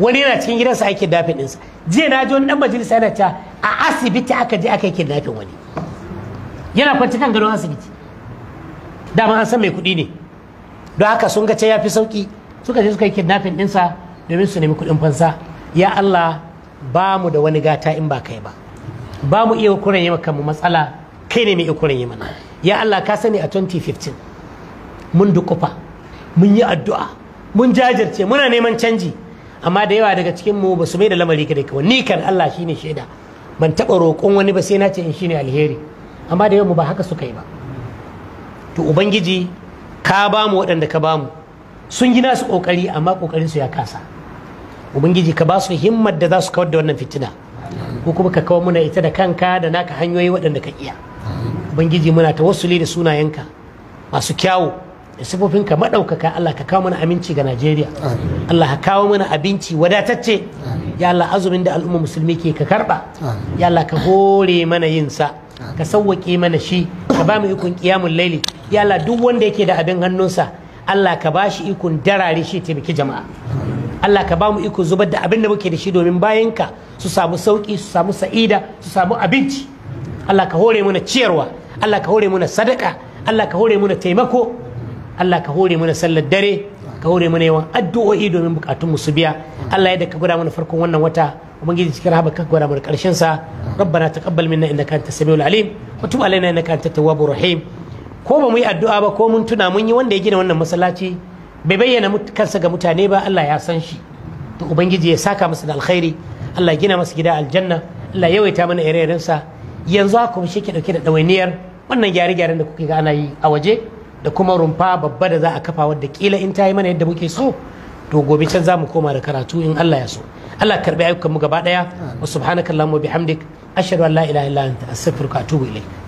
wani yana cikin gidansa ake dafin ɗinsa jiya na ji wani ɗan majalisa yana ta a asibiti aka je aka yake dafin wani yana kwanci kan gadon asibiti dama an san mai kuɗi ne don haka sun ga ce ya fi sauki suka je suka yi dafin ɗinsa domin su nemi kuɗin fansa ya Allah ba mu da wani gata in ba kai ba ba mu iya kuren yi maka mu matsala kai ne mai iya yi mana ya Allah ka sani a 2015 mun dukufa mun yi addu'a mun jajirce muna neman canji amma da yawa daga cikin mu basu su mai da lamari ka da ni kan Allah shine shaida ban taɓa roƙon wani ba sai na ce in shine alheri amma da yawa mu ba haka suka yi ba to ubangiji ka ba mu waɗanda ka ba mu sun gina su ƙoƙari amma ƙoƙarin su ya kasa ubangiji ka ba su himmar da za su kawar da wannan fitina ko kuma ka kawar muna ita da kanka da naka hanyoyi waɗanda ka iya ubangiji muna tawassuli da sunayenka masu kyawu da sifofin ka maɗaukaka Allah ka kawo mana aminci ga Najeriya Allah ka kawo mana abinci wadatacce ya Allah azumin da al'umma musulmi ke ka karba ya Allah ka hore mana yin sa ka sawwaƙe mana shi ka ba mu ikon kiyamun laili ya Allah duk wanda yake da abin hannunsa Allah ka ba shi ikon darare shi taimaki jama'a Allah ka ba mu zubar da abin da muke da shi domin ka su samu sauki su samu sa'ida su samu abinci Allah ka hore mana ciyarwa Allah ka hore mana sadaka Allah ka hore mana taimako Allah ka hore mana sallar dare ka hore mana yawan addu'o'i domin bukatun su biya Allah ya da ka gwada mana farkon wannan wata ubangiji cikin rahama ka gwada mana karshen sa rabbana taqabbal minna innaka antas samiul alim wa tub alaina innaka antat tawwabur rahim ko ba mu yi addu'a ba ko mun tuna mun yi wanda ya gina wannan masallaci bai bayyana kansa ga mutane ba Allah ya san shi to ubangiji ya saka masa da alkhairi Allah gina masa gida aljanna Allah yawaita mana ire-irensa yanzu haka shi ke dauke da dawainiyar. wannan gyare-gyaren da kuke ga ana yi a waje da kuma rumfa babba da za a kafa wadda kila in ta yi mana yadda muke so to gobe can za mu koma da karatu in Allah ya so Allah karbi ayyukan mu gaba daya wa subhanakallahumma bihamdik ashhadu an la ilaha illa anta astaghfiruka wa atubu ilayk